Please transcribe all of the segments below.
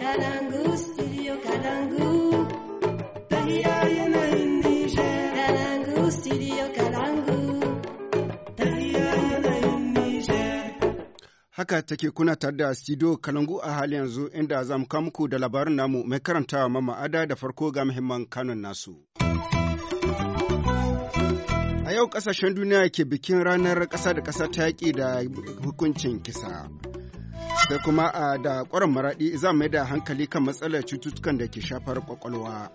Kalangu, Haka take kuna tare da studio Kalangu a hali yanzu inda za mu muku da labarin namu mai karantawa mama ada da farko ga muhimman kanun nasu. A yau ƙasashen duniya ke bikin ranar ƙasa da ƙasa ta yaƙi da hukuncin kisa. sai kuma a da ƙwarin maraɗi za mai da hankali kan matsalar cututtukan da ke shafar kwakwalwa.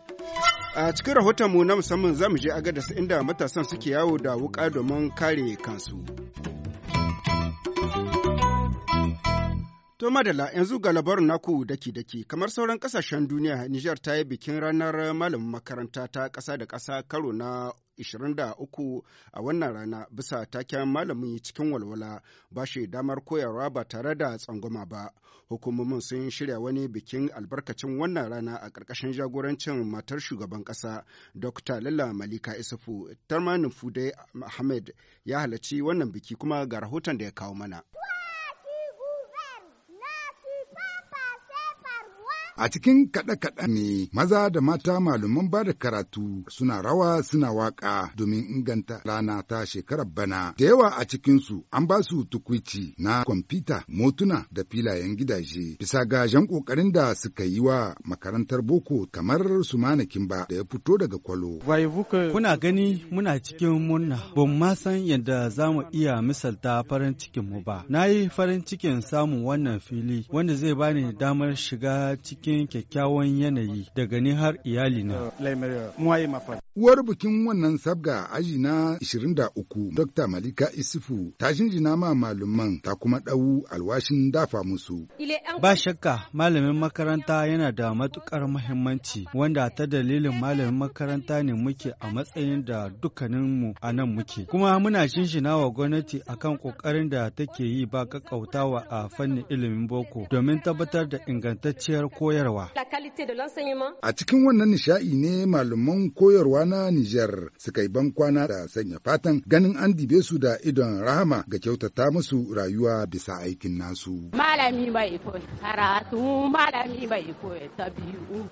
A cikin rahotonmu na musamman za mu je a agadas inda matasan suke yawo da wuƙa domin kare kansu. To madala yanzu ga labarin naku daki-daki kamar sauran kasashen duniya Nijar ta yi bikin ranar malamin makaranta ta ƙasa da ƙasa karo na 23 a wannan rana bisa taken malamin cikin walwala ba shi damar koyarwa ba tare da tsangwama ba. Hukumomin sun shirya wani bikin albarkacin wannan rana a ƙarƙashin jagorancin matar shugaban ƙasa Dr. Lalla Malika Isufu. Tarmanin Fude Ahmed ya halarci wannan biki kuma ga rahoton da ya kawo mana. A cikin kaɗe-kaɗe ne maza da mata malaman ba da karatu suna rawa suna waƙa domin inganta rana ta shekarar bana. Da yawa a cikinsu an ba su tukwici na kwamfuta, motuna da filayen gidaje. Bisa ga jan ƙoƙarin da suka yi wa makarantar boko kamar su manakin ba da ya fito daga kwalo. Kuna gani muna cikin murna, ban ma san yadda za mu iya misalta farin cikin mu ba. Na yi farin cikin samun wannan fili wanda zai bani damar shiga cikin cikin kyakkyawan yanayi daga ni har iyali na. Uwar bikin wannan sabga aji na 23 Dr. Malika Isufu ta jinjina ma malaman ta kuma ɗau alwashin dafa musu. Ba shakka malamin makaranta yana da matukar muhimmanci wanda ta dalilin malamin makaranta ne muke a matsayin da dukkaninmu a nan muke. Kuma muna jinjina wa gwamnati akan kokarin da take yi ba kakkautawa a fannin ilimin boko domin tabbatar da ingantacciyar koya koyarwa. A cikin wannan nishaɗi ne malaman koyarwa na Nijar suka yi kwana da sanya fatan ganin an dibe su da idon rahama ga kyautata musu rayuwa bisa aikin nasu. Malami mai karatu malami mai tabi'u.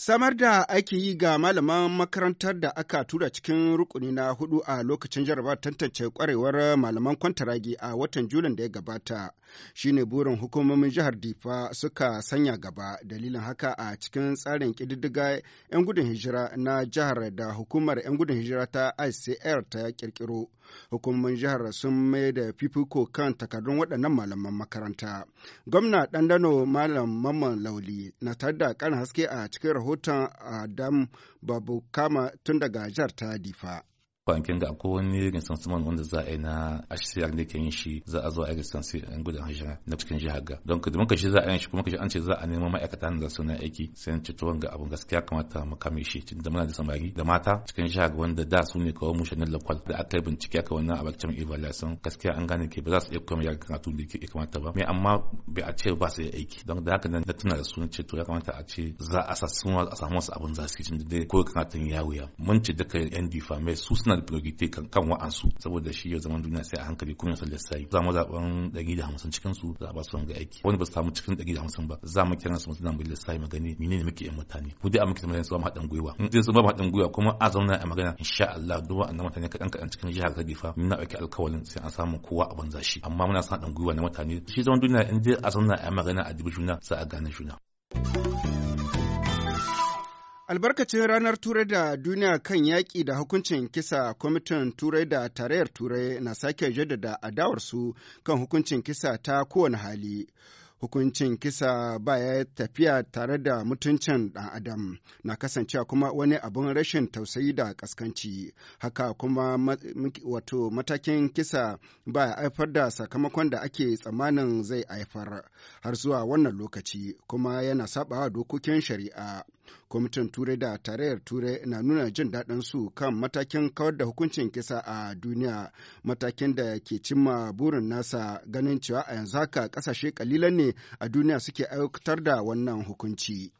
Samar da ake yi ga malaman makarantar da aka tura cikin rukuni na hudu a lokacin jarabar tantance kwarewar malaman kwantaragi a watan Julin da ya gabata shine burin hukumomin jihar Difa suka sanya gaba dalilin haka a cikin tsarin kididdiga 'yan gudun hijira na jihar da hukumar 'yan gudun hijira ta ICR ta kirkiro. Hukumomin jihar sun mai da fifiko kan takardun waɗannan malaman makaranta. Gwamna ɗanɗano Malam Mamman Lauli na tare da ƙarin haske a cikin rahoton rahoton Adam babu kama tun daga jihar ta Difa. bankin da akwai wani risansiman wanda za a yi na HCR da ke yin shi za a zo a yi risansi yan gudun hajjara na cikin jihar ga don ka muka shi za a yi shi kuma shi an ce za a nemo ma'aikata da su na aiki sai na ceto ga abun gaskiya kamata mu kame shi tun da muna da samari da mata cikin jihar wanda da su ne kawo mushe na lokal da aka yi bincike aka wannan abakcin evaluation gaskiya an gane ke ba za su iya kuma yara karatu da ke kamata ba mai amma bai a ce ba su yi aiki don da haka nan na tuna da su ce to ya kamata a ce za a a samu wasu abun za su yi tun da dai ko karatun ya wuya mun ce duka yan difa mai su suna da priority kan kan wa'ansu saboda shi ya zaman duniya sai a hankali kuma yasa sai za mu zaɓan ɗari da hamsin cikin su za a ba su wanga aiki wani ba su samu cikin ɗari da hamsin ba za mu kira su mutum mu sai magani ne muke yin mutane ku dai a muke mutane su ba mu haɗin gwiwa in dai su ba mu haɗin gwiwa kuma a zauna a magana insha Allah duk wa'annan mutane kaɗan kaɗan cikin jihar Kadifa muna ɗauki alkawalin sai an samu kowa a banza shi amma muna son haɗin gwiwa na mutane shi zaman duniya in dai a zauna a magana a dubi juna sai a gane juna. Albarkacin ranar Turai da duniya kan yaƙi da hukuncin kisa kwamitin Turai da tarayyar Turai na sake jaddada adawarsu kan hukuncin kisa ta kowane hali. hukuncin kisa ya tafiya tare da mutuncin ɗan adam na kasancewa kuma wani abin rashin tausayi da kaskanci haka kuma wato matakin kisa ba ya haifar da sakamakon da ake tsammanin zai haifar har zuwa wannan lokaci kuma yana sabawa dokokin shari'a kwamitin turai da tarayyar turai na nuna jin daɗin su kan matakin kawar da hukuncin kisa a duniya matakin da ke cimma burin nasa ganin cewa a yanzu haka ƙasashe kalilan ne a duniya suke aiwatar da wannan hukunci.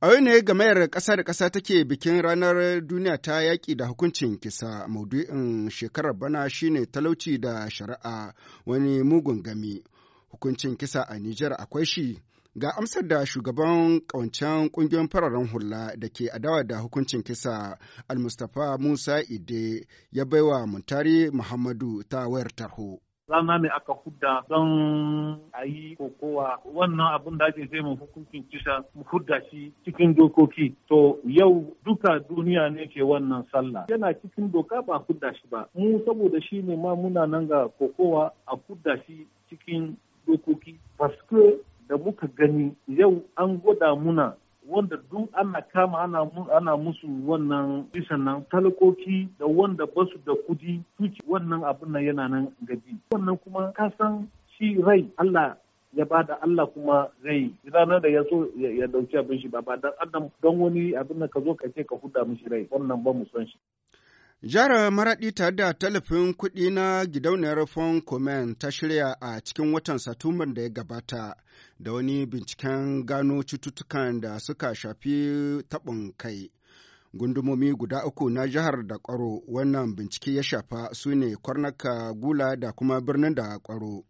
A yau ne gamayar ƙasa da ƙasa take bikin ranar duniya ta yaƙi da hukuncin kisa maudu'in shekarar bana shine talauci da shari'a wani mugun gami. Hukuncin kisa a Nijar akwai shi Ga amsar da shugaban kawancen ƙungiyoyin fararen hula da ke adawa da hukuncin kisa Almustapha Musa Ide ya baiwa Muntari Muhammadu ta wayar tarho. rana ne aka hudda don a yi kokowa wannan abin da ake mu hukuncin kisa mu hudda shi cikin dokoki to yau duka duniya ne ke wannan sallah yana cikin doka ba hudda shi ba mu saboda shi ne ma muna nan ga kokowa a hudda shi cikin dokoki paske da muka gani yau an gwada muna wanda duk ana kama ana musu wannan bisan nan talakoki da wanda ba su da kudi tuki wannan abin nan yana nan gaji wannan kuma ka san shi rai Allah ya ba da Allah kuma rai ranar da ya so ya dauki abin shi ba ba dan adam don wani abin da ka zo ka ce ka huda mishi rai wannan ba mu son shi Jihar Maraɗi tare da talafin kuɗi na gidauniyar Fon Komen ta shirya a cikin watan Satumban da ya gabata da wani binciken gano cututtukan da suka shafi taɓin kai. Gundumomi guda uku na jihar da kwaro wannan bincike ya shafa su ne Kwarnaka Gula da kuma birnin da kwaro.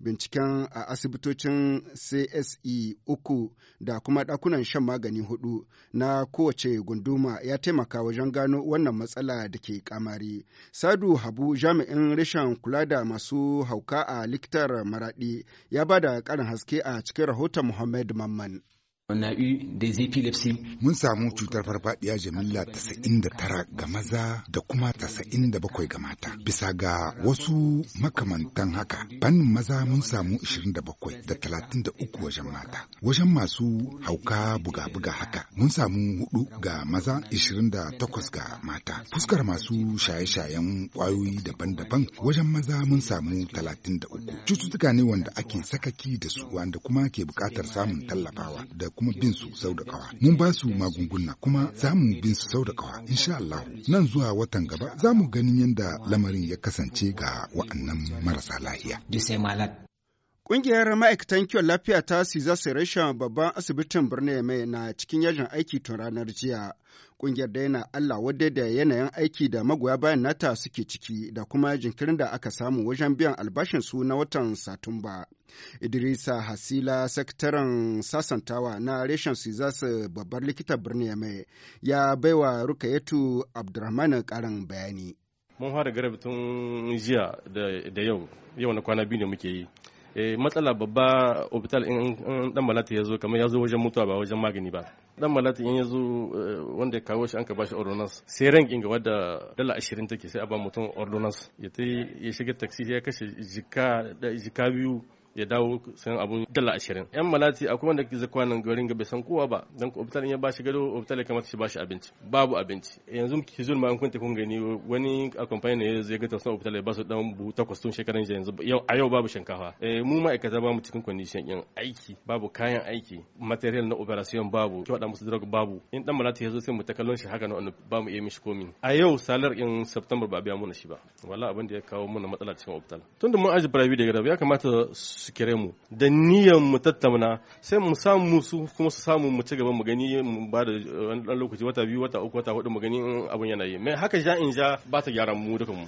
binciken a asibitocin CSE uku da kuma ɗakunan shan magani hudu na kowace gunduma ya taimaka wajen gano wannan matsala da ke kamari. Sadu Habu jami'in rashin kula da masu hauka a likitar maraɗi ya ba da ƙarin haske a cikin rahoton Muhammad Mamman. Mun samu cutar farfadiya jamila tara ga maza da kuma bakwai ga mata. Bisa ga wasu makamantan haka, fannin maza mun samu bakwai da talatin wajen mata. Wajen masu hauka buga-buga haka, mun samu hudu ga maza takwas ga mata. Fuskar masu shaye-shayen ƙwayoyi daban-daban wajen maza mun samu talatin Cututtuka ne wanda ake sakaki da su wanda kuma ke bukatar samun tallafawa kuma bin su sau da kawa. Mun ba su magunguna kuma za mu bin su sau da kawa insha Allah. Nan zuwa watan gaba za mu ganin yadda lamarin ya kasance ga wa'annan marasa lahiya. Ƙungiyar ma'aikatan kiwon lafiya ta Siza rashin babban asibitin birnin Yamai na cikin yajin aiki tun ranar jiya. Ƙungiyar dai na Allah wadda da yanayin aiki da magoya bayan nata suke ciki da kuma jinkirin da aka samu wajen biyan albashinsu na watan Satumba. Idrisa Hasila, sakataren sasantawa na reshen su babbar likitan birni ya mai ya baiwa Rukayetu Abdurrahman karin bayani. Mun fara garabi tun jiya da yau, yau na kwana biyu ne muke yi. Eh, matsala babba obital in dan ya zo kamar ya zo wajen mutuwa ba wajen magani ba dan malati in yazo eh, wanda ya kawo shi an ka bashi ordonance sai rankin ga wadda dala 20 take sai a ba mutum ordonance ya ta ya shiga taxi ya kashe jika jika biyu ya dawo sayan abun dala ashirin yan malati akwai wanda ke kwanan garin ga bai san kowa ba dan ko obital ya bashi gado obital kamata shi bashi abinci babu abinci yanzu ki zulma an kunta kun gani wani a kamfani ne zai ga tausan obital ya basu dan bu takwas tun shekaran jiya yanzu yau a yau babu shinkafa eh mu ma'aikata ba mu cikin condition din aiki babu kayan aiki material na operation babu ki wada musu drug babu in dan malati ya zo sai mu ta kallon shi haka na ba mu iya mishi komi a yau salar in September ba biya mu shi ba wallahi abin da ya kawo mana matsala cikin obital tunda mun aji private da ya kamata su kire mu da niyyar mu tattauna sai mu samu su kuma su samu mu ci gaba mu gani mu ba da dan eh, lokaci wata biyu wata uku wata hudu mu gani abun yana yi mai haka ja in ja ba ta gyara mu duka mu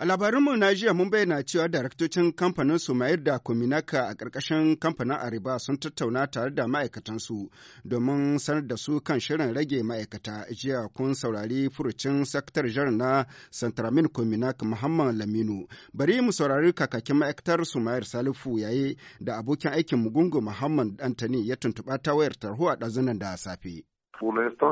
A labarinmu na jiya mun bayyana cewa daraktocin kamfanin mayar da Kuminaka a ƙarƙashin kamfanin Ariba sun tattauna tare da ma'aikatansu domin sanar da su kan shirin rage ma'aikata. Jiya kun saurari furucin Sakatar Jar na Santramin Kuminaka Muhammad Laminu. Bari mu saurari kakakin ma'aikatar mayar Salifu yayi da abokin aikin Mugungu Muhammad Antani ya tuntuɓa ta wayar tarho a ɗazunan da safe.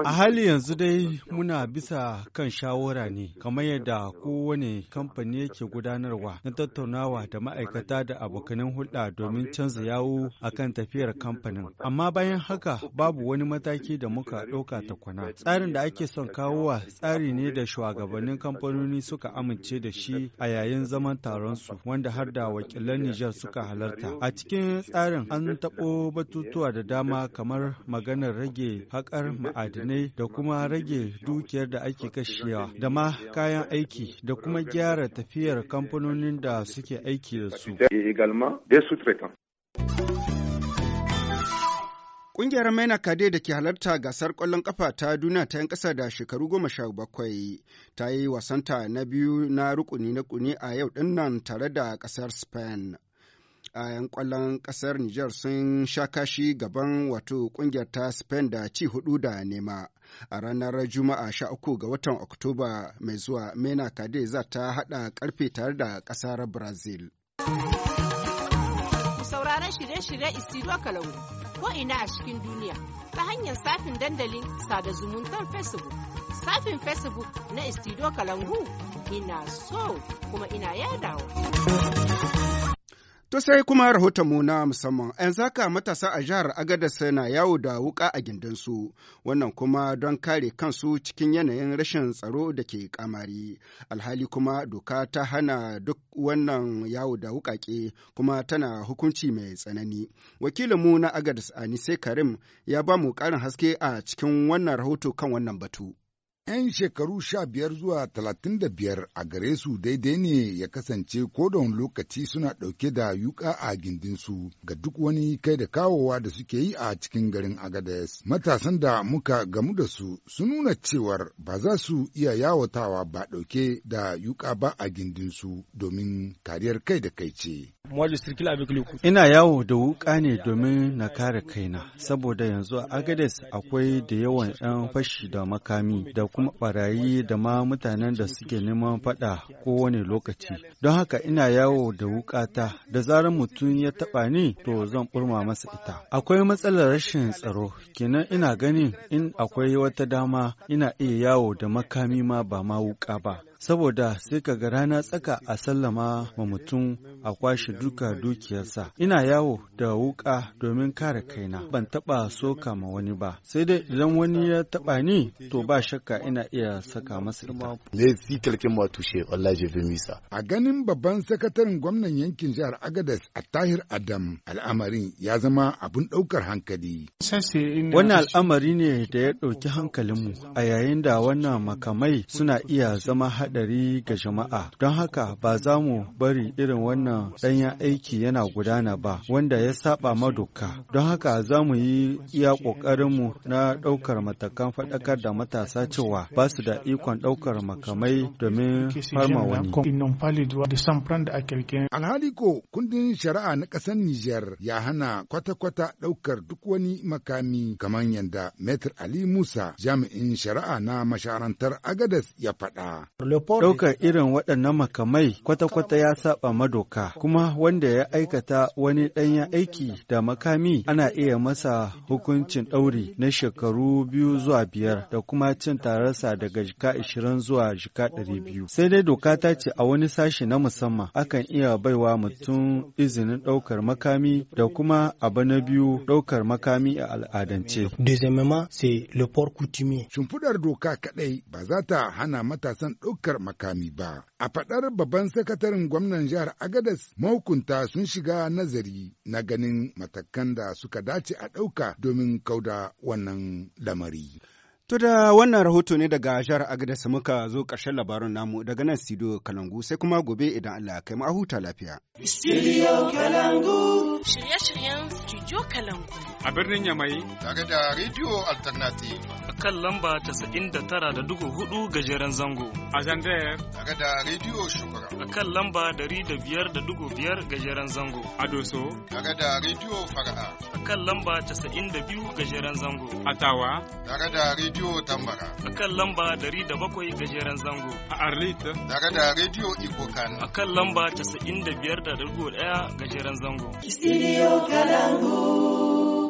A hali yanzu dai muna bisa kan shawara ne, kamar yadda kowane kamfani yake gudanarwa na tattaunawa da ma'aikata da abokanan hulɗa domin canza yawo a kan tafiyar kamfanin. Amma bayan haka babu wani mataki da muka ɗauka takwana. Tsarin da ake son kawowa tsari ne da shugabannin kamfanoni suka amince da shi a yayin zaman taron su, wanda har da wakilan Nijar suka halarta. A cikin tsarin an taɓo batutuwa da dama kamar maganar rage haƙar ma'adinai da kuma rage dukiyar da ake kashewa da ma kayan aiki da kuma gyara tafiyar kamfanonin da suke aiki da su. Ƙungiyar Maina Kade da ke halarta gasar kwallon ƙafa ta duniya ta 'yan ƙasa da shekaru goma sha bakwai ta yi wasanta na biyu na rukuni na kuni a yau ɗin nan tare da ƙasar Spain. a 'yan kwallon kasar Nijar sun sha kashi gaban wato kungiyar ta Spain da ci hudu da nema. A ranar Juma'a 13 ga watan Oktoba mai zuwa Mena Kade za ta haɗa karfe tare da ƙasar Brazil. Sauraron shirye-shirye Isidro Kalangu ko ina a cikin duniya ta hanyar safin dandalin sada zumuntar Facebook. Safin Facebook na Isidro Kalangu ina so kuma ina yadawa. To sai kuma mu na musamman, ‘yan zaka matasa a jihar Agadas na yawo da wuka a su, wannan kuma don kare kansu cikin yanayin rashin tsaro da ke kamari. Alhali kuma doka ta hana duk wannan yawo da wukake kuma tana hukunci mai tsanani. Wakilinmu na Agadas Anise Karim ya ba mu ƙarin haske a cikin wannan rahoto kan wannan batu. 'yan shekaru sha biyar zuwa talatin da biyar a gare su daidai ne ya kasance ko da wani lokaci suna ɗauke da yuka a gindinsu ga duk wani kai da kawowa da suke yi a cikin garin Agadez, matasan da muka gamu da su su nuna cewar ba za su iya yawatawa ba ɗauke da yuka ba a gindinsu domin kariyar kai da kai ce Ina yawo da wuƙa ne domin na kare kaina, saboda yanzu a Agades akwai da yawan 'yan fashi da makami da kuma ɓarayi da ma mutanen da suke neman faɗa kowane lokaci. Don haka ina yawo da wuƙata da zarar mutum ya taɓa ni to zan ɓurma masa ita. Akwai matsalar rashin tsaro, kenan ina ganin in akwai wata dama ina iya yawo da makami ma ba ma wuƙa ba. saboda sai ka ga rana tsaka a sallama ma mutum a kwashe duka dukiyarsa. Ina yawo da wuka domin kare kaina, ban taɓa soka ma wani ba. Sai dai idan wani ya taɓa ni, to ba shakka ina iya saka masa ita. A ganin babban sakataren gwamnan yankin jihar Agadez a Tahir Adam al'amarin ya zama abun ɗaukar hankali. Wani al'amari ne da ya ɗauki hankalinmu a yayin da wannan makamai suna iya zama haɗari ga jama'a. Don haka ba za mu bari irin wannan ɗanyen aiki yana gudana ba wanda ya saba ma Don haka za mu yi iya mu na ɗaukar matakan faɗakar da matasa cewa ba su da ikon ɗaukar makamai domin farma wani. Alhali ko kundin shari'a na ƙasar Nijar ya hana kwata-kwata ɗaukar duk wani makami kamar yadda Metr Ali Musa jami'in shari'a na masharantar Agadas ya faɗa. Ɗaukar irin waɗannan makamai kwata-kwata ya saba madoka, kuma wanda ya aikata wani ɗanya aiki da makami ana iya masa hukuncin ɗauri na shekaru biyu zuwa biyar da kuma cin tararsa daga jika ashirin zuwa jika ɗari biyu. Sai dai doka ta ce a wani sashi na musamman akan iya baiwa mutum izinin ɗaukar makami da kuma abu na biyu ɗaukar makami a al'adance. Deuxièmement, c'est le port coutumier. Shimfiɗar doka kaɗai ba za ta hana matasan ɗaukar fuskar makami ba. A faɗar babban sakataren gwamnan jihar Agadas mahukunta sun shiga nazari na ganin matakan da suka dace a ɗauka domin kauda wannan lamari. To da wannan rahoto ne daga jihar Agadez muka zo ƙarshen labarin namu daga nan studio Kalangu sai kuma gobe idan Allah ya kai mu a huta lafiya. Studio Kalangu. Shirye-shiryen Studio Kalangu. A birnin Yamai. Tare da Radio Alternative. A kan lamba tasa'in da tara da dugu hudu gajeren zango. A Zandayar. Tare da Radio Shukura. A kan lamba dari da biyar da dugu biyar gajeren zango. A Doso. Tare da Radio Fara'a. A kan lamba tasa'in da biyu gajeren zango. A Tawa. Tare da Radio Radio Tambara. A kan lamba dari da bakwai gajeren zango. A Arlita. Daga da Radio Ikokan. A kan lamba casa'in da da 95.1 gajeren zango. Studio Kalangu.